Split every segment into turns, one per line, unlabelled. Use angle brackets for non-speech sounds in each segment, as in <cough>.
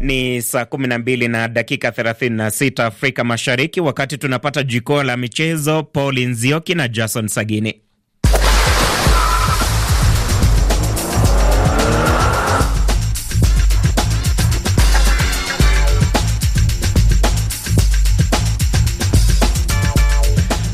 Ni saa 12 na dakika 36 Afrika Mashariki, wakati tunapata jukwaa la michezo. Paul Nzioki na Jason Sagini.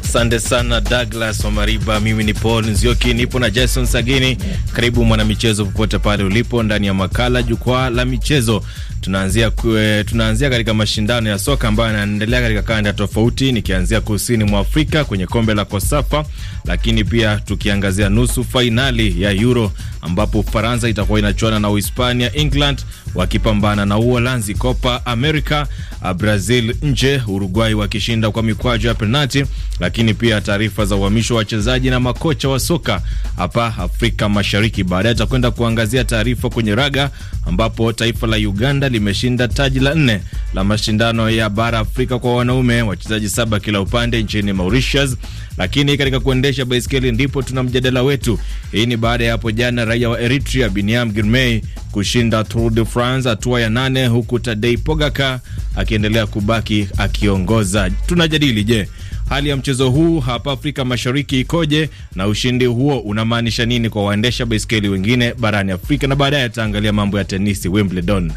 Asante sana Douglas Omariba. Mimi ni Paul Nzioki, nipo na Jason Sagini. Karibu mwanamichezo, popote pale ulipo, ndani ya makala jukwaa la michezo. Tunaanzia kwe, eh, tunaanzia katika mashindano ya soka ambayo yanaendelea katika kanda tofauti, nikianzia kusini mwa Afrika kwenye kombe la Kosafa, lakini pia tukiangazia nusu fainali ya Euro ambapo Ufaransa itakuwa inachuana na Uhispania, England wakipambana na Uholanzi. Copa America, ah, Brazil nje, Uruguay wakishinda kwa mikwaju ya penalti. Lakini pia taarifa za uhamisho wa wachezaji na makocha wa soka hapa Afrika Mashariki. Baadaye tutakwenda kuangazia taarifa kwenye raga ambapo taifa la Uganda limeshinda taji la nne la mashindano ya bara Afrika kwa wanaume, wachezaji saba kila upande nchini Mauritius. Lakini katika kuendesha baiskeli ndipo tuna mjadala wetu. Hii ni baada ya hapo jana raia wa Eritrea Biniam Girmay kushinda Tour de France hatua ya nane, huku Tadei Pogaka akiendelea kubaki akiongoza. Tunajadili, je, Hali ya mchezo huu hapa Afrika Mashariki ikoje na ushindi huo unamaanisha nini kwa waendesha baiskeli wengine barani Afrika? Na baadaye ataangalia mambo ya tenisi Wimbledon.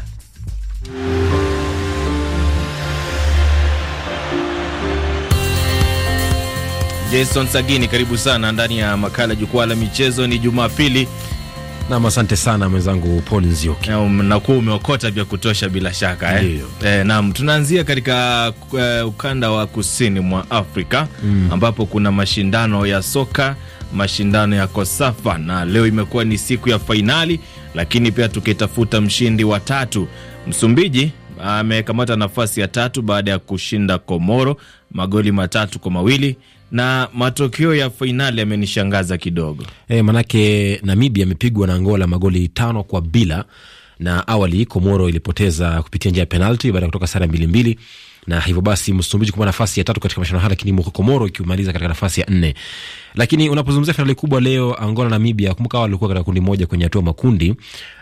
Jason Sagini, karibu sana ndani ya makala jukwaa la michezo. Ni Jumapili
Nam, asante sana mwenzangu Paul Nzioki, nakuwa
um, umeokota vya kutosha bila shaka eh? Eh, nam tunaanzia katika uh, ukanda wa kusini mwa Afrika mm, ambapo kuna mashindano ya soka, mashindano ya Kosafa na leo imekuwa ni siku ya fainali, lakini pia tukitafuta mshindi wa tatu. Msumbiji amekamata nafasi ya tatu baada ya kushinda Komoro magoli matatu kwa mawili na matokeo ya fainali yamenishangaza kidogo
Hey, eh, manake Namibia amepigwa na Angola magoli tano kwa bila, na awali Komoro ilipoteza kupitia njia ya penalti baada ya kutoka sare mbili mbili na hivyo basi Msumbiji kuwa nafasi ya tatu katika mashindano haya, lakini Komoro ikimaliza katika nafasi ya nne. Lakini unapozungumzia fainali kubwa leo, Angola na Namibia, kumbuka walikuwa katika kundi moja kwenye hatua makundi,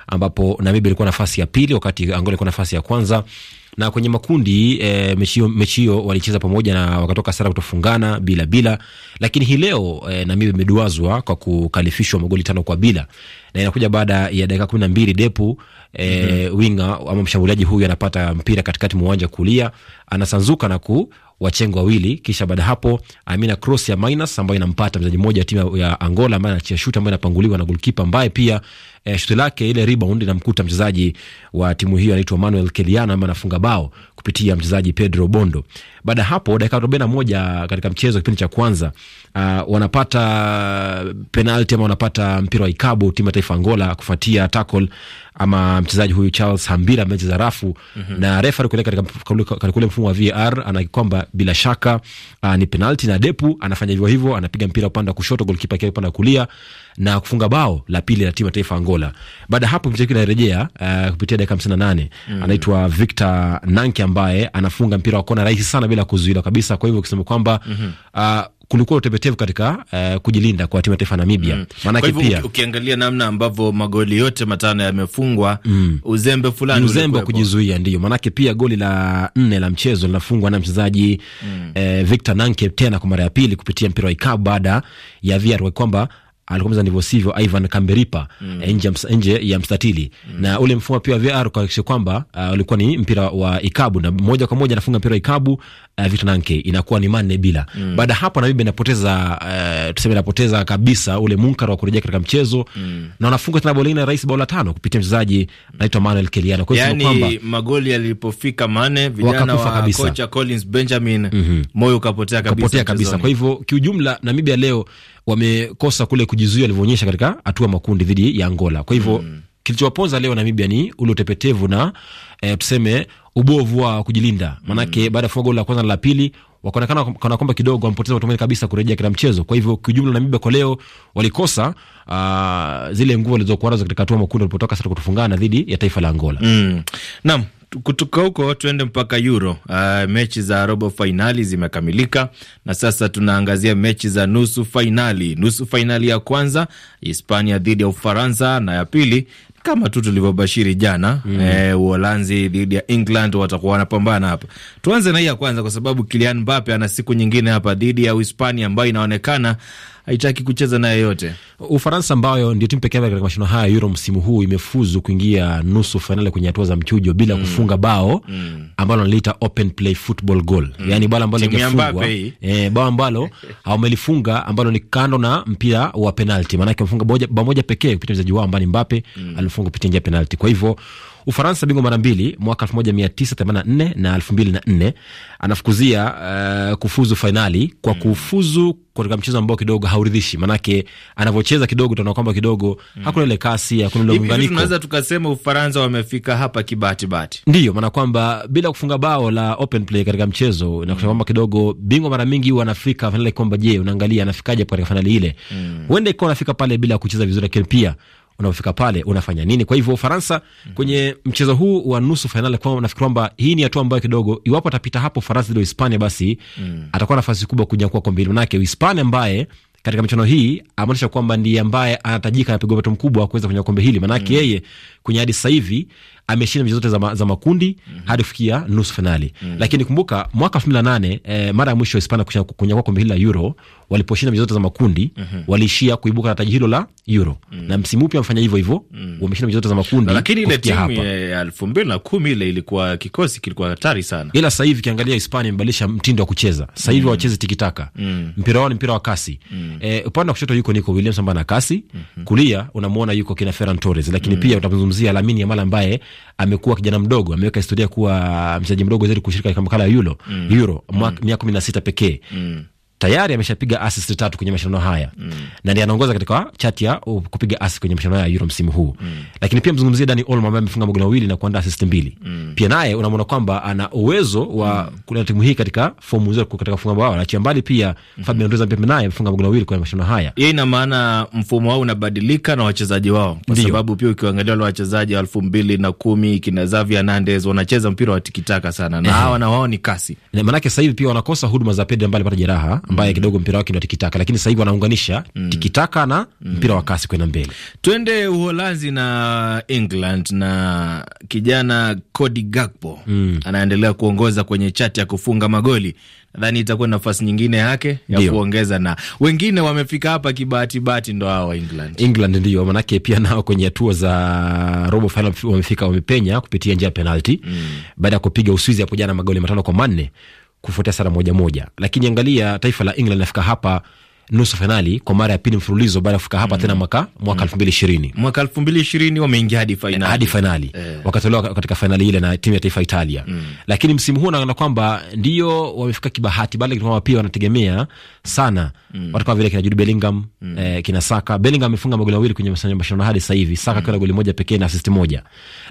ambapo Namibia ilikuwa nafasi ya pili wakati Angola ilikuwa nafasi ya kwanza na kwenye makundi e, mechi hiyo walicheza pamoja na wakatoka sara kutofungana bila bila, lakini hii leo e, Namibia imeduazwa kwa kukalifishwa magoli tano kwa bila, na inakuja baada ya dakika kumi na mbili depu e, eh, mm -hmm. winga ama mshambuliaji huyu anapata mpira katikati mwa uwanja kulia, anasanzuka na wachengo wawili, kisha baada hapo Amina cross ya minus ambayo inampata mchezaji mmoja wa timu ya Angola ambaye anachia shuti ambayo inapanguliwa na golkipa ambaye pia eh, shuti lake ile rebound inamkuta mchezaji wa timu hiyo anaitwa Manuel Keliana ambaye anafunga bao kupitia mchezaji Pedro Bondo. Baada ya hapo, dakika arobaini na moja katika mchezo kipindi cha kwanza, uh, wanapata penalti ama wanapata mpira wa ikabu timu ya taifa Angola kufuatia tackle ama mchezaji huyu Charles Hambira mechi za rafu mm -hmm. na refa kueleka katika ule mfumo wa VR ana kwamba bila shaka uh, ni penalti na Depu anafanya hivyo hivyo, anapiga mpira upande wa kushoto, golkipa yake upande wa kulia na kufunga bao la pili la timu ya taifa Angola. Baada ya hapo mchezo inarejea uh, eh, kupitia dakika hamsini na nane mm. anaitwa Victor Nanke ambaye anafunga mpira wa kona rahisi sana bila kuzuiliwa kabisa. Kwa hivyo ukisema kwamba mm -hmm. uh, kulikuwa utepetevu katika uh, kujilinda kwa timu ya taifa Namibia mm. Maanake pia
ukiangalia namna ambavyo magoli yote matano yamefungwa
mm. uzembe fulani, uzembe wa kujizuia ndio maanake. Pia goli la nne la mchezo linafungwa na mchezaji mm. eh, Victor Nanke tena kwa mara ya pili kupitia mpira wa ikabu baada ya VAR kwamba alikuwa meza ndivyo sivyo Ivan Kamberipa mm. Eh, nje, nje ya mstatili mm. na ule mfumo pia VR kuhakikisha kwamba uh, ulikuwa uh, ni mpira wa ikabu na moja kwa moja anafunga mpira wa ikabu uh, Nanke inakuwa ni manne bila mm. baada hapo na Namibe inapoteza uh, tuseme inapoteza kabisa ule munkar wa kurejea katika mchezo mm. na wanafunga tena boli na rais baola tano kupitia mchezaji anaitwa Manuel Keliana. Kwa hiyo yani, kwamba
magoli yalipofika manne vijana wa kabisa. kocha Collins Benjamin mm -hmm. moyo ukapotea kabisa, kapotea kabisa. Kwa
hivyo kiujumla Namibia leo wamekosa kule kujizuia walivyoonyesha katika hatua makundi dhidi ya Angola. Kwa hivyo mm. kilichowaponza leo Namibia ni ule utepetevu na e, tuseme ubovu wa kujilinda, maanake mm. baada ya kufunga goli la kwanza na la pili wakaonekana kana kwamba kidogo wamepoteza matumaini kabisa kurejea katika mchezo. Kwa hivyo kiujumla, Namibia kwa leo walikosa uh, zile nguvu walizokuwa nazo katika hatua makundi walipotoka sasa kutufungana dhidi ya taifa la Angola. Mm.
Naam, kutoka huko tuende mpaka Euro. Uh, mechi za robo fainali zimekamilika na sasa tunaangazia mechi za nusu fainali. Nusu fainali ya kwanza Hispania dhidi ya Ufaransa na ya pili kama tu tulivyobashiri jana mm. E, Uholanzi dhidi ya England watakuwa wanapambana hapa. Tuanze na hii ya kwanza, kwa sababu Kylian Mbappe ana siku nyingine hapa dhidi ya Uhispania ambayo inaonekana haitaki kucheza na yeyote.
Ufaransa ambayo ndio timu pekee katika mashindano haya Euro msimu huu imefuzu kuingia nusu fainali kwenye hatua za mchujo bila mm. kufunga bao mm. ambalo analiita open play football goal mm. yani bao ambalo lijafungwa eh, bao ambalo <laughs> amelifunga ambalo ni kando na mpira wa penalti, maanake amefunga bao moja pekee kupitia mchezaji wao ambaye ni Mbappe mm. alifunga kupitia njia penalti, kwa hivyo Ufaransa bingwa mara mbili mwaka 1984 na 2004, anafukuzia uh, kufuzu fainali kwa mm. kufuzu katika mchezo ambao kidogo hauridhishi, manake anavyocheza kidogo tunaona kwamba kidogo mm. hakuna ile kasi, hakuna ile muunganiko. Tunaweza
tukasema Ufaransa wamefika hapa kibati bati,
ndio maana kwamba bila kufunga bao la open play katika mchezo mm. na kusema mm. kwamba kidogo bingwa mara mingi huwa anafika fainali kwamba je, unaangalia anafikaje katika fainali ile, mm. huenda mm. ikawa anafika pale bila kucheza vizuri, lakini pia unapofika pale unafanya nini. Kwa hivyo Ufaransa mm -hmm. kwenye mchezo huu wa nusu fainali, kwa nafikiri kwamba hii ni hatua ambayo kidogo, iwapo atapita hapo Ufaransa dhidi ya Hispania, basi mm. atakuwa nafasi kubwa kunyakua kombe hili, manake Hispania ambaye katika michano hii ameonyesha kwamba ndiye ambaye anatajika anapiga upato mkubwa kuweza kwenye kombe hili, manake mm. yeye kwenye hadi sasa hivi ameshinda mechi zote za, ma, za makundi mm -hmm. hadi kufikia nusu finali mm -hmm. Lakini kumbuka mwaka 2008 eh, mara ya mwisho Hispania kunyakua kombe hili la Euro waliposhinda mechi zote za makundi mm -hmm. waliishia kuibuka na taji hilo la Euro mm -hmm. na msimu upya wamefanya hivyo hivyo mm -hmm. wameshinda mechi zote za makundi, lakini ile timu ya 2010 ile ilikuwa kikosi
kilikuwa hatari sana,
ila sasa hivi kiangalia Hispania imebadilisha mtindo wa kucheza sasa hivi mm -hmm. wacheze tikitaka mm -hmm. mpira wao ni mpira wa kasi mm -hmm. eh, upande wa kushoto yuko Nico Williams ambaye ana kasi mm -hmm. kulia unamuona yuko kina Ferran Torres, lakini mm -hmm. pia utamzungumzia Lamine Yamal ambaye amekuwa kijana mdogo, ameweka historia kuwa mchezaji mdogo zaidi kushirika katika makala ya Euro, mm. Euro miaka mm. kumi na sita pekee mm tayari ameshapiga assist tatu kwenye mashindano haya mm. na ndiye anaongoza katika chati ya uh, kupiga assist kwenye mashindano ya Euro msimu huu mm. Lakini pia mzungumzie Dani Olmo ambaye amefunga magoli mawili na kuandaa assist mbili mm. Pia naye unamwona kwamba ana uwezo wa mm. kuleta timu hii katika fomu nzuri katika kufunga bao na chambali pia mm. Mm-hmm. Fabian Ruiz pia naye amefunga magoli mawili kwenye mashindano haya.
Yeye ina maana mfumo wao unabadilika na wachezaji wao, kwa Dio. sababu pia ukiangalia wale wachezaji 2010 kina Xavi Hernandez wanacheza mpira wa tikitaka sana na hawa
na wao ni kasi, maanake sasa hivi pia wanakosa huduma za Pedri ambaye alipata jeraha ambaye mm. kidogo mpira wake ndio tikitaka, lakini sasa hivi wanaunganisha mm. tikitaka na mm. mpira wa kasi kwenda mbele.
Twende Uholanzi na England na kijana Cody Gakpo mm. anaendelea kuongoza kwenye chati ya kufunga magoli. Nadhani itakuwa nafasi nyingine yake ya Dio. kuongeza na wengine wamefika hapa kibahatibahati, ndo hawa England.
England ndio manake pia nao kwenye hatua za robo final wamefika, wamepenya kupitia njia ya penalti mm. baada ya kupiga Uswizi hapo jana magoli matano kwa manne kufuatia sara moja moja, lakini angalia taifa la England linafika hapa nusu fainali kwa mara ya pili mfululizo baada ya kufika hapa mm. tena mwaka mwaka mm. elfu mbili ishirini mwaka elfu mbili ishirini wameingia hadi fainali hadi fainali eh. wakatolewa katika fainali ile na timu ya taifa Italia mm. lakini msimu huu naona kwamba ndio wamefika kibahati, bali kwamba pia wanategemea sana mm. watu kama vile kina Jude Bellingham mm. eh, kina Saka. Bellingham amefunga magoli mawili kwenye mashindano hadi sasa hivi, Saka mm. na goli moja pekee na asisti moja,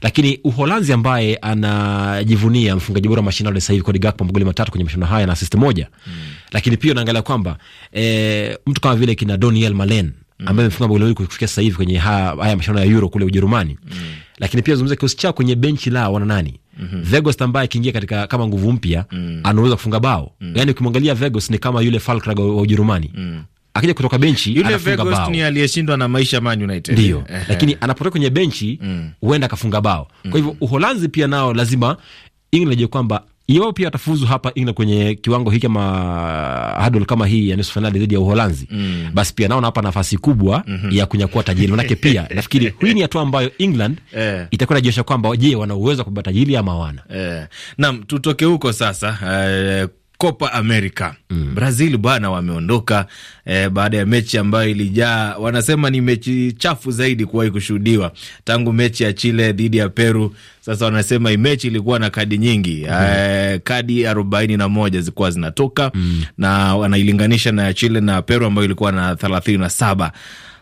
lakini Uholanzi ambaye anajivunia mfungaji bora mashindano sasa hivi Cody Gakpo magoli matatu kwenye mashindano haya na asisti moja mm lakini pia unaangalia kwamba e, mtu kama vile kina Daniel Malen mm. ambaye amefunga bao lawili kufikia sasa hivi kwenye haya, mashindano ya Euro kule Ujerumani mm. lakini pia zungumza kikosi chao kwenye benchi lao wana nani Mm -hmm. Vegos ambaye akiingia katika kama nguvu mpya mm -hmm. anaweza kufunga bao mm -hmm. Yani ukimwangalia Vegos ni kama yule Falkra wa Ujerumani mm -hmm. Akija kutoka benchi yule Vegos ni aliyeshindwa na maisha Man United ndio, lakini anapotoka kwenye benchi mm. huenda mm akafunga bao Kwa hivyo mm. Uholanzi pia nao lazima England ajue kwamba iwao pia watafuzu hapa England kwenye kiwango hiki ama hadol kama hii ya nusu fainali dhidi ya Uholanzi mm. basi pia naona hapa nafasi kubwa mm -hmm. ya kunyakua tajiri manake pia <laughs> nafikiri hii ni hatua ambayo England eh. itakuwa najionyesha kwamba je, wana uwezo wa kubeba tajiri ama wana
eh. nam tutoke huko sasa eh Copa America. Mm. Brazil bwana wameondoka e, baada ya mechi ambayo ilijaa, wanasema ni mechi chafu zaidi kuwahi kushuhudiwa tangu mechi ya Chile dhidi ya Peru. Sasa wanasema mechi ilikuwa na kadi nyingi mm. e, kadi arobaini na moja zilikuwa zinatoka mm. na wanailinganisha na Chile na Peru ambayo ilikuwa na thelathini na saba.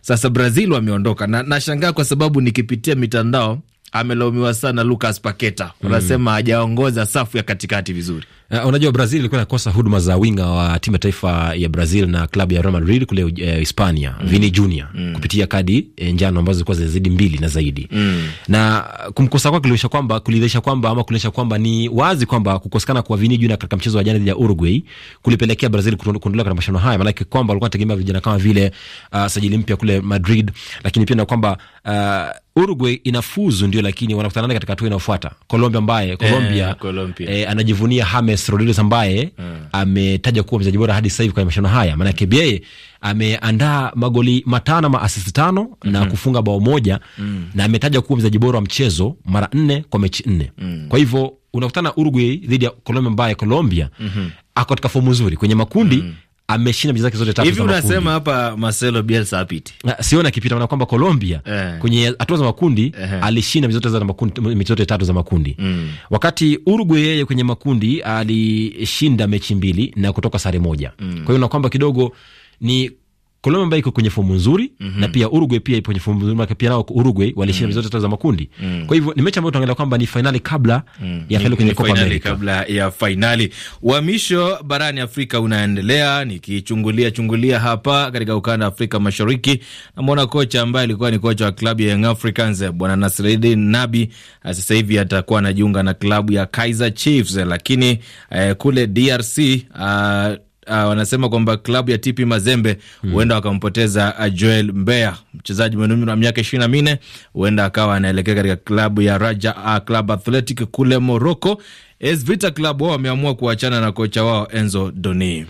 Sasa Brazil wameondoka na nashangaa kwa sababu nikipitia mitandao amelaumiwa sana Lucas Paqueta, mm. wanasema mm. hajaongoza safu ya katikati vizuri.
Uh, unajua Brazil ilikuwa inakosa huduma za winga wa timu ya taifa ya Brazil na klabu ya Real Madrid kule eh, Hispania, uh, mm. Vini Junior mm. kupitia kadi e, njano ambazo zilikuwa zinazidi mbili na zaidi mm. na kumkosa kwake kulionyesha kwamba kulidhihirisha kwamba ama kulionyesha kwamba ni wazi kwamba kukosekana kwa Vini Junior katika mchezo wa jana dhidi ya Uruguay kulipelekea Brazil kuondolewa katika mashindano haya, maanake kwamba walikuwa wanategemea vijana kama vile uh, sajili mpya kule Madrid, lakini pia na kwamba uh, Uruguay inafuzu ndio, lakini wanakutana katika hatua inayofuata Colombia, ambaye Colombia, eh, Eh, anajivunia James James Rodriguez ambaye mm. ametaja kuwa mchezaji bora hadi sasa hivi kwenye mashindano haya, maana yake yeye ameandaa magoli matano ama assist tano mm -hmm. na kufunga bao moja mm. na ametaja kuwa mchezaji bora wa mchezo mara nne kwa mechi nne mm. kwa hivyo unakutana Uruguay dhidi ya Colombia ambaye Colombia mm -hmm. ako katika fomu nzuri kwenye makundi mm -hmm ameshinda mchezo zote tatu. Hivi unasema
hapa Marcelo Bielsa apiti?
Siona akipita, maana kwamba Colombia eh, kwenye hatua za makundi eh, alishinda mechi zote za makundi, michezo zote tatu za makundi mm. Wakati Uruguay yeye kwenye makundi alishinda mechi mbili na kutoka sare moja mm. Kwa hiyo na kwamba kidogo ni Colombia ambayo iko kwenye fomu nzuri mm -hmm. na pia Uruguay pia ipo kwenye fomu nzuri, maana pia nao Uruguay walishinda mm -hmm. zote za makundi mm -hmm. kwa hivyo ni mechi ambayo tunaangalia kwamba ni fainali kabla mm -hmm. ya fainali kwenye Copa America,
kabla ya fainali. Uhamisho barani Afrika unaendelea, nikichungulia chungulia hapa katika ukanda wa Afrika Mashariki, namwona kocha ambaye alikuwa ni kocha wa klabu ya Young Africans bwana Nasreddin Nabi, eh, sasa hivi atakuwa anajiunga na klabu ya Kaizer Chiefs, lakini eh, kule DRC uh, ah, uh, wanasema kwamba klabu ya TP Mazembe hmm. huenda hmm, wakampoteza ah, Joel Mbea, mchezaji mwenye umri wa miaka ishirini na minne, huenda akawa anaelekea katika klabu ya Raja uh, Club Athletic kule Morocco. AS Vita Club wao wameamua kuachana na kocha wao Enzo Doni.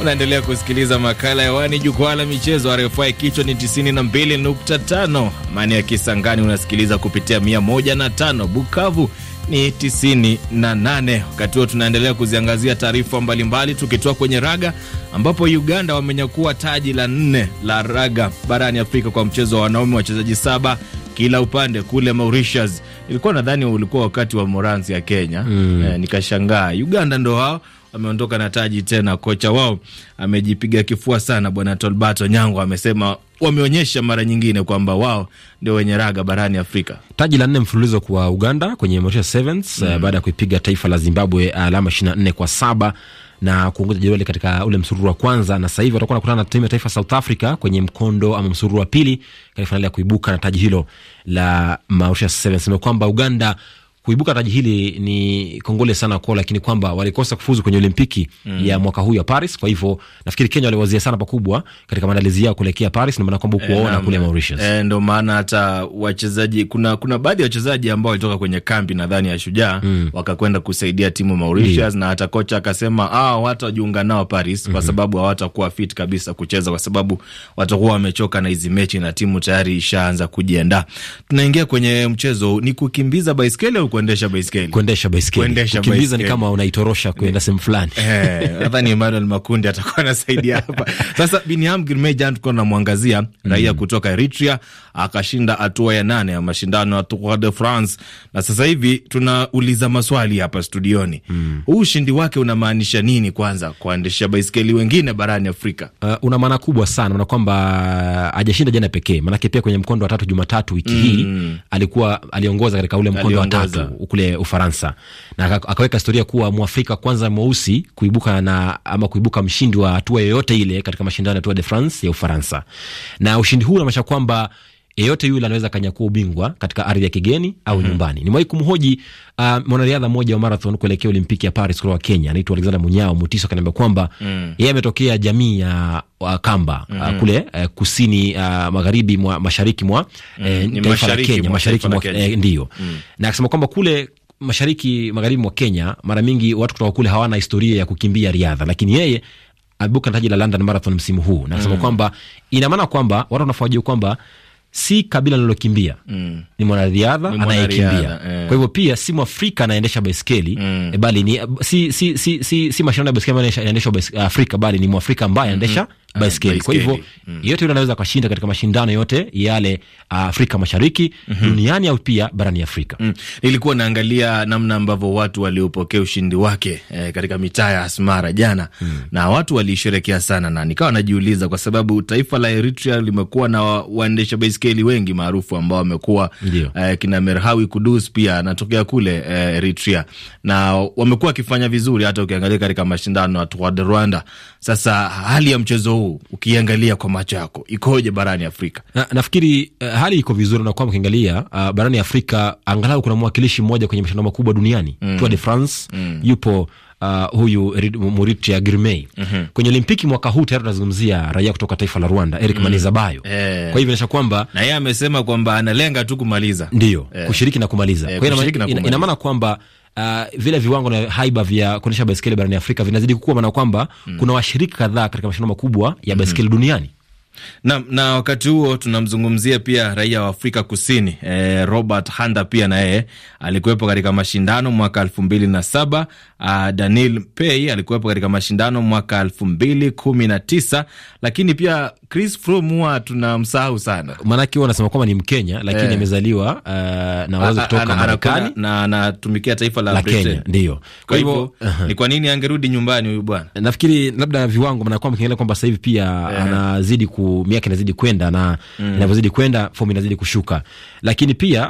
Unaendelea kusikiliza makala ya wani jukwaa la michezo RFI, kichwa ni 92.5, amani ya Kisangani unasikiliza kupitia 105, Bukavu ni 98. Wakati huo tunaendelea kuziangazia taarifa mbalimbali, tukitoa kwenye raga ambapo Uganda wamenyakua taji la nne la raga barani Afrika kwa mchezo wa wanaume, wachezaji saba kila upande kule Mauritius. Ilikuwa nadhani ulikuwa wakati wa Moranzi ya Kenya mm. E, nikashangaa Uganda ndo hao ameondoka na taji tena. Kocha wao amejipiga kifua sana, bwana Tolbato Nyango amesema wameonyesha mara nyingine kwamba wao ndio wenye raga barani Afrika.
Taji la nne mfululizo kwa Uganda kwenye Motisha Sevens mm. Eh, baada ya kuipiga taifa la Zimbabwe eh, alama ishirini na nne kwa saba na kuongoza jedwali katika ule msururu wa kwanza, na sasa hivi watakuwa nakutana na timu ya taifa South Africa kwenye mkondo ama msururu wa pili katika fainali ya kuibuka na taji hilo la Mauritius Sevens. Sema kwamba Uganda kuibuka taji hili ni kongole sana kwao, lakini kwamba walikosa kufuzu kwenye Olimpiki mm. ya mwaka huu ya Paris. Kwa hivyo nafikiri Kenya waliwazia sana pakubwa katika maandalizi yao kuelekea Paris, maana kwamba kuwaona kule Mauritius
e, ndio maana hata wachezaji kuna, kuna baadhi ya wachezaji ambao walitoka kwenye kambi nadhani ya Shujaa mm. wakakwenda kusaidia timu Mauritius mm. na hata kocha akasema ah, hawatajiunga nao Paris kwa mm -hmm. sababu hawatakuwa fit kabisa kucheza, kwa sababu watakuwa wamechoka na hizi mechi na timu tayari ishaanza kujiandaa. Tunaingia kwenye mchezo, ni kukimbiza baiskeli au kuendesha baiskeli, kuendesha baiskeli, kuendesha kukimbiza ni kama unaitorosha kuenda sehemu fulani. Eh, nadhani Emmanuel Makundi atakuwa anasaidia <laughs> hapa. Sasa Binyam Girmay jana tulikuwa tunamwangazia raia mm, kutoka Eritrea akashinda hatua ya nane ya mashindano ya Tour de France, na sasa hivi tunauliza maswali hapa studioni mm, huu ushindi wake unamaanisha nini kwanza baiskeli wengine barani Afrika?
Uh, una maana kubwa sana na kwamba uh, hajashinda jana pekee, maanake pia kwenye mkondo wa tatu Jumatatu wiki hii mm, alikuwa aliongoza katika ule mkondo wa tatu kule Ufaransa, na akaweka historia kuwa Mwafrika kwanza mweusi kuibuka na ama kuibuka mshindi wa hatua yoyote ile katika mashindano ya Tour de France ya Ufaransa. Na ushindi huu unamaanisha kwamba yeyote yule anaweza kanyakua ubingwa katika ardhi ya kigeni au mm -hmm. nyumbani. Nimewahi kumhoji uh, mwanariadha mmoja wa marathon kuelekea Olimpiki ya Paris kutoka Kenya, anaitwa Alexander Munyao Mutiso, akaniambia kwamba mm -hmm. yeye ametokea jamii ya uh, Kamba mm -hmm. uh, mhm. kule uh, kusini uh, magharibi mwa mashariki mwa mm. eh, taifa la Kenya, mashariki mwa eh, ndio, mm -hmm. na akasema kwamba kule mashariki magharibi mwa Kenya mara mingi watu kutoka kule hawana historia ya kukimbia riadha, lakini yeye amebuka taji la London Marathon msimu huu na akasema mm -hmm. kwamba ina maana kwamba watu wanafahamu kwamba si kabila linalokimbia mm. ni mwanariadha anayekimbia Kwa eh. hivyo pia si mwafrika anaendesha baiskeli mm. E, bali ni si, si, si, si, si mashindano ya baiskeli yanaendeshwa Afrika, bali ni mwafrika ambaye anaendesha mm -hmm. baiskeli. kwa hivyo mm. yote yule anaweza akashinda katika mashindano yote yale ah, Afrika Mashariki mm -hmm. duniani au pia barani Afrika mm.
Nilikuwa naangalia namna ambavyo watu waliopokea ushindi wake eh, katika mitaa ya Asmara jana mm. na watu waliisherekea sana, na nikawa najiuliza kwa sababu taifa la Eritrea limekuwa na waendesha baiskeli baiskeli wengi maarufu ambao wamekuwa eh, kina Merhawi Kudus pia anatokea kule eh, Eritrea na wamekuwa wakifanya vizuri, hata ukiangalia katika mashindano ya Tour de Rwanda. Sasa hali ya mchezo huu ukiangalia kwa macho yako ikoje barani Afrika?
Na, nafikiri uh, hali iko vizuri na kwamba ukiangalia uh, barani Afrika angalau kuna mwakilishi mmoja kwenye mashindano makubwa duniani mm. Tour de France mm. yupo uh, huyu Muritia Girmei mm -hmm. Kwenye Olimpiki mwaka huu tayari tunazungumzia raia kutoka taifa la Rwanda Eric mm -hmm. Manizabayo eh. Kwa hivyo inaonyesha kwamba na yeye amesema kwamba analenga tu kumaliza, ndio eh. kushiriki na kumaliza eh, kwa hiyo ina, maana kwamba Uh, vile viwango na haiba vya kuonyesha baiskeli barani Afrika vinazidi kukua, maana kwamba mm. kuna washiriki kadhaa katika mashindano makubwa ya mhm. baiskeli mm -hmm. duniani.
Na, na wakati huo tunamzungumzia pia raia wa Afrika Kusini e, Robert hande pia na yeye alikuwepo katika mashindano mwaka elfu mbili na saba. Uh, Daniel Pay alikuwepo katika mashindano mwaka elfu mbili kumi na tisa, lakini pia Chris Froome huwa tunamsahau sana, maanake anasema kwamba ni Mkenya lakini eh. amezaliwa eh,
uh, na wazazi kutoka Marekani
na anatumikia taifa la, la Kenya ndio. Kwa hivyo uh-huh. ni kwa nini angerudi nyumbani huyu bwana?
Nafikiri labda viwango, mnakuwa mkiangalia kwamba sasa hivi pia yeah, anazidi ku miaka inazidi kwenda na mm, inavyozidi kwenda fomu inazidi kushuka, lakini pia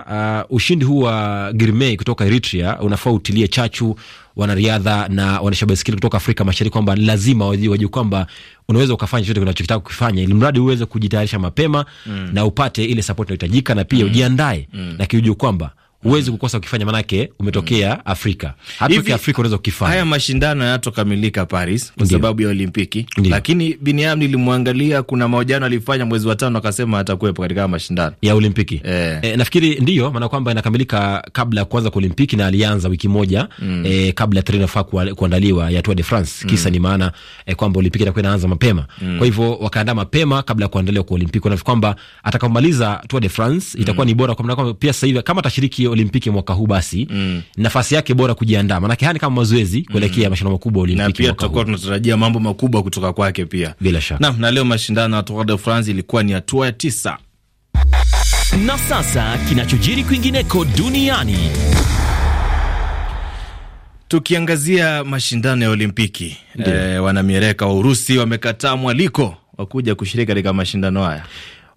uh, ushindi huu wa Girmay kutoka Eritrea unafaa utilie chachu wanariadha na waendesha baiskeli kutoka Afrika Mashariki kwamba ni lazima wajue kwamba unaweza ukafanya chochote unachokitaka kukifanya, ili mradi uweze kujitayarisha mapema mm. na upate ile sapoti inayohitajika na pia mm. ujiandae mm. na kiujua kwamba huwezi kukosa ukifanya, manake umetokea mm. Afrika. Hata ukiwa Afrika unaweza
kukifanya. Haya mashindano yanatokamilika Paris kwa sababu ya Olimpiki, Ndiyo. lakini Biniam nilimwangalia, kuna mahojiano alifanya mwezi wa tano, akasema atakuwepo katika mashindano
ya Olimpiki e. E, nafikiri ndiyo maana kwamba inakamilika kabla ya kuanza kwa Olimpiki, na alianza wiki moja mm. e, kabla tarehe inafaa kuandaliwa ya Tour de France. Mm. Kisa mm. ni maana e, kwamba Olimpiki itakuwa inaanza mapema mm. kwa hivyo wakaandaa mapema kabla ya kuandaliwa kwa Olimpiki. Nafikiri kwamba atakaomaliza Tour de France itakuwa mm. ni bora kwa maana kwamba pia sasa hivi kama atashiriki hiyo Olimpiki mwaka huu basi mm. nafasi yake bora kujiandaa, manake hani kama mazoezi mm. kuelekea mm. mashindano makubwa Olimpiki, na pia tutakuwa
tunatarajia mambo makubwa kutoka kwake pia bila shaka nam. Na leo mashindano ya Tour de France ilikuwa ni hatua ya tisa, na sasa kinachojiri kwingineko duniani tukiangazia mashindano ya Olimpiki e, eh, wanamiereka wa Urusi wamekataa mwaliko wa kuja kushiriki katika mashindano haya.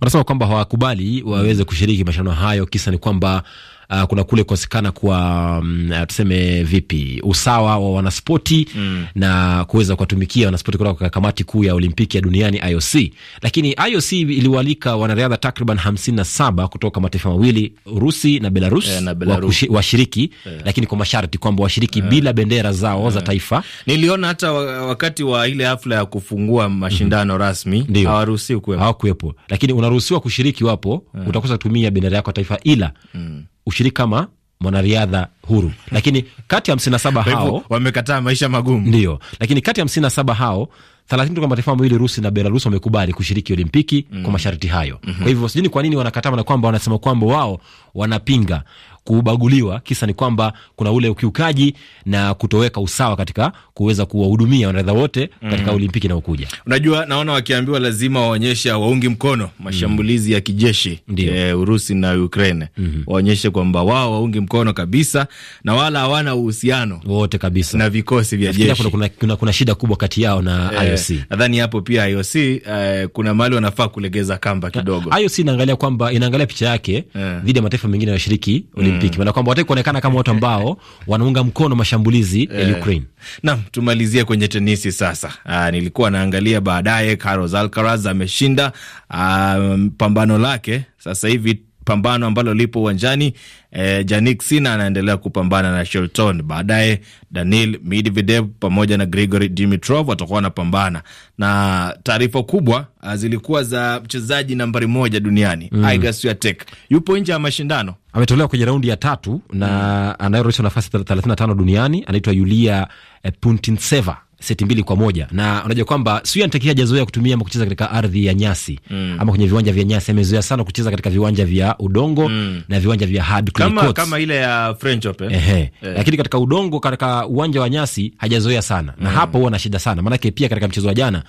Wanasema kwamba hawakubali waweze kushiriki mashindano hayo. Kisa ni kwamba uh, kuna kule kosekana kwa um, mm, ah, tuseme vipi usawa wa wanaspoti mm. na kuweza kuwatumikia wanaspoti kutoka kwa kamati kuu ya Olimpiki ya duniani IOC. Lakini IOC iliwaalika wanariadha takriban hamsini na saba kutoka mataifa mawili Urusi na Belarus, yeah, na Belarus. washiriki yeah. lakini kwa masharti kwamba washiriki yeah. bila bendera zao yeah. za eh. taifa. Niliona hata wakati wa ile hafla ya kufungua mhm. mashindano mm -hmm. rasmi hawaruhusiwi kuwepo, hawakuwepo, lakini unaruhusiwa kushiriki wapo yeah. utakosa kutumia bendera yako ya taifa ila mm ushiriki kama mwanariadha huru, lakini kati ya hamsini na saba hao wamekataa maisha magumu, ndio. Lakini kati ya hamsini na saba hao thelathini kutoka mataifa mawili Rusi na Belarus wamekubali kushiriki Olimpiki mm. kwa masharti hayo mm -hmm. Kwa hivyo sijui ni kwa nini wanakatana na kwamba wanasema kwamba wao wanapinga kubaguliwa. Kisa ni kwamba kuna ule ukiukaji na kutoweka usawa katika kuweza kuwahudumia wanariadha wote katika mm. Olimpiki inayokuja.
Unajua, naona wakiambiwa lazima waonyeshe waungi mkono mashambulizi mm. ya kijeshi e, Urusi na Ukraine mm -hmm. waonyeshe kwamba wao waungi mkono kabisa na wala hawana uhusiano wote kabisa na
vikosi vya jeshi. Kuna, kuna, kuna, kuna shida kubwa kati yao na e, eh, IOC.
Nadhani hapo pia IOC e, eh, kuna mahali wanafaa kulegeza kamba kidogo.
IOC inaangalia kwamba inaangalia picha yake dhidi e. ya mataifa mengine yanayoshiriki mm. Olimpiki, maana kwamba wataki kuonekana kama watu ambao <laughs> wanaunga mkono mashambulizi ya eh, Ukraine.
Nam, tumalizie kwenye tenisi sasa. Aa, ah, nilikuwa naangalia baadaye Carlos Alcaraz ameshinda ah, pambano lake sasa hivi pambano ambalo lipo uwanjani. E, eh, Janik Sina anaendelea kupambana na Shelton. Baadaye Daniil Medvedev pamoja na Grigory Dimitrov watakuwa wanapambana, na taarifa kubwa eh, zilikuwa za mchezaji nambari moja duniani mm. Iga Swiatek yupo nje ya mashindano,
ametolewa kwenye raundi ya tatu na mm. nafasi 35 duniani anaitwa Yulia eh, Putintseva seti mbili kwa moja, na unajua kwamba sio anatakia hajazoea kutumia ama kucheza katika ardhi ya nyasi mm. ama kwenye viwanja vya nyasi. Amezoea sana kucheza katika viwanja vya udongo mm. na viwanja vya hard clay kama, courts kama
ile ya French Open eh, eh. Lakini
katika udongo, katika uwanja wa nyasi hajazoea sana na mm. hapo huwa na shida sana, maanake pia katika mchezo wa jana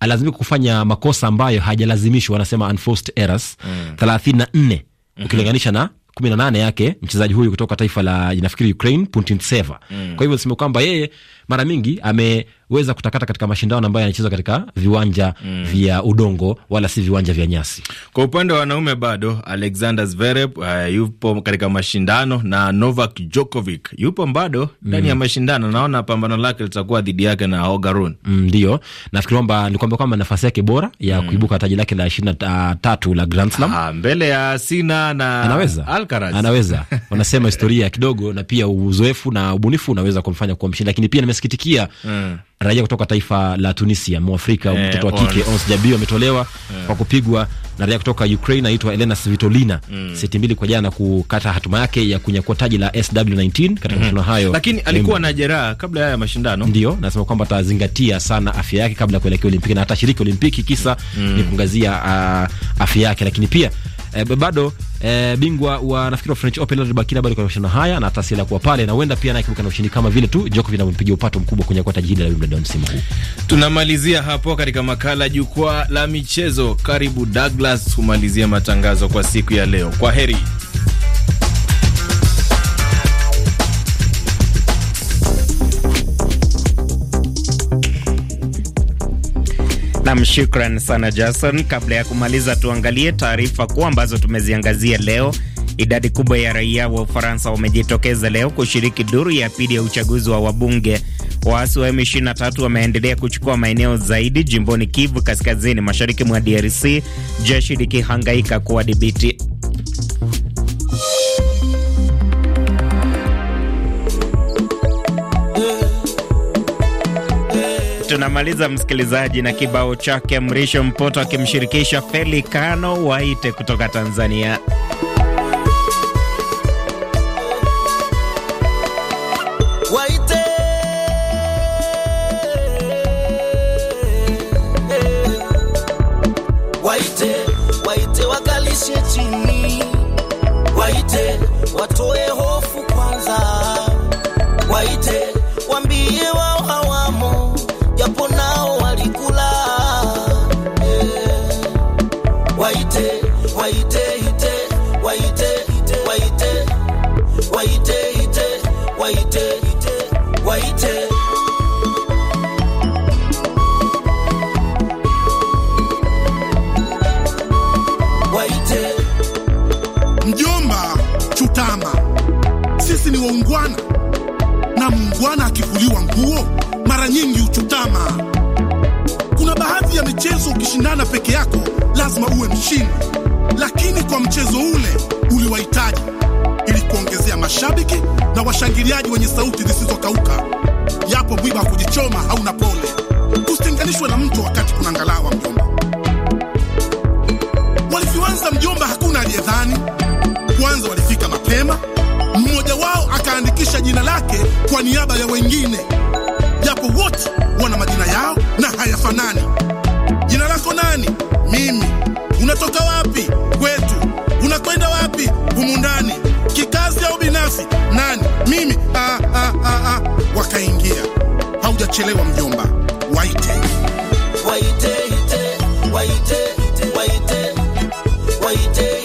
alazimika kufanya makosa ambayo hajalazimishwa, wanasema unforced errors mm. thelathini na nne mm -hmm. ukilinganisha na kumi na nane yake mchezaji huyu kutoka taifa la inafikiri Ukraine Putintseva mm. kwa hivyo nasema kwamba yeye mara mingi ameweza kutakata katika mashindano ambayo yanachezwa katika viwanja mm. vya udongo wala si viwanja vya nyasi.
Kwa upande wa wanaume bado Alexander Zverev uh, yupo katika mashindano na Novak Djokovic yupo bado ndani mm. ya
mashindano. Naona pambano lake litakuwa dhidi yake na Ogaron. Mm, ndio nafikiri kwamba ni kwamba kwamba nafasi yake bora ya mm. kuibuka taji lake la ishirini na tatu la Grand Slam ah, mbele ya Sina na anaweza
Alcaraz anaweza <laughs>
wanasema historia kidogo na pia uzoefu na ubunifu unaweza kumfanya kuwa mshindi, lakini pia nime tumesikitikia mm. Eh. Raia kutoka taifa la Tunisia, Mwafrika eh, mtoto wa kike Ons Jabi ametolewa eh. kwa yeah. kupigwa na raia kutoka Ukraine aitwa Elena Svitolina mm. seti mbili kwa jana kukata hatima yake ya kunyakua taji la SW19 katika mm-hmm. mashindano mm. -hmm. hayo, lakini alikuwa na jeraha kabla ya mashindano. Ndio nasema kwamba atazingatia sana afya yake kabla ya kuelekea Olimpiki na hatashiriki Olimpiki, kisa mm. ni kuangazia uh, ah, afya yake, lakini pia eh, bado eh, bingwa wa nafikiri wa French Open alibaki bado kwa mashindano haya na tasila kuwa pale na huenda pia kibuka na ushindi kama vile tu Djokovic anampigia upato mkubwa kwenye kwa taji hili la Wimbledon msimu huu.
Tunamalizia hapo katika makala jukwaa la michezo. Karibu Douglas kumalizia matangazo kwa siku ya leo. Kwa heri.
Nam, shukran sana Jason. Kabla ya kumaliza, tuangalie taarifa kuu ambazo tumeziangazia leo. Idadi kubwa ya raia wa Ufaransa wamejitokeza leo kushiriki duru ya pili ya uchaguzi wa wabunge. Waasi wa M23 wameendelea kuchukua maeneo zaidi jimboni Kivu Kaskazini, mashariki mwa DRC, jeshi likihangaika kuwadhibiti. Tunamaliza msikilizaji na kibao chake Mrisho Mpoto akimshirikisha Feli Kano Waite kutoka Tanzania.
mjomba chutama sisi ni waungwana na mungwana akivuliwa nguo mara nyingi uchutama ya michezo ukishindana peke yako lazima uwe mshindi, lakini kwa mchezo ule uliwahitaji ili kuongezea mashabiki na washangiliaji wenye sauti zisizokauka. Yapo mwiba wa kujichoma, hauna pole, usitenganishwe na mtu wakati kuna ngalawa. Mjomba walivyoanza, mjomba, hakuna aliyedhani. Kwanza walifika mapema, mmoja wao akaandikisha jina lake kwa niaba ya wengine, japo wote wana majina yao na hayafanani uko nani? Mimi. Unatoka wapi? Kwetu. Unakwenda wapi? Humu ndani. Kikazi au binafsi? Nani? Mimi. Ah, ah, ah, ah. ah. Wakaingia. Haujachelewa mjomba. Waite. Waite, waite, waite, waite, waite.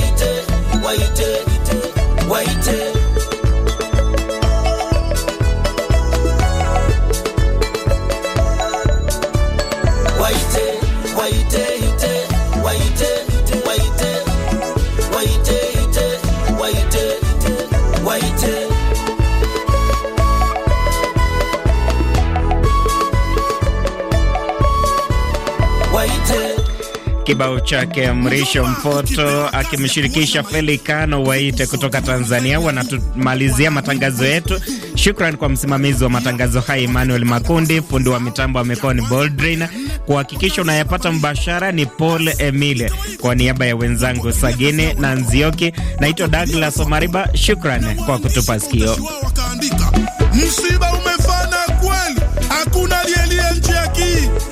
kibao chake Mrisho Mpoto akimshirikisha Felikano Waite kutoka Tanzania. Wanatumalizia matangazo yetu. Shukran kwa msimamizi wa matangazo haya Emmanuel Makundi, fundi wa mitambo amekuwa ni Boldrin. Kuhakikisha unayapata mbashara ni Paul Emile. Kwa niaba ya wenzangu Sagini na Nzioki, naitwa Douglas Omariba. Shukran kwa kutupa sikio.
Msiba umefana kweli, hakuna aliyelia nje ya kii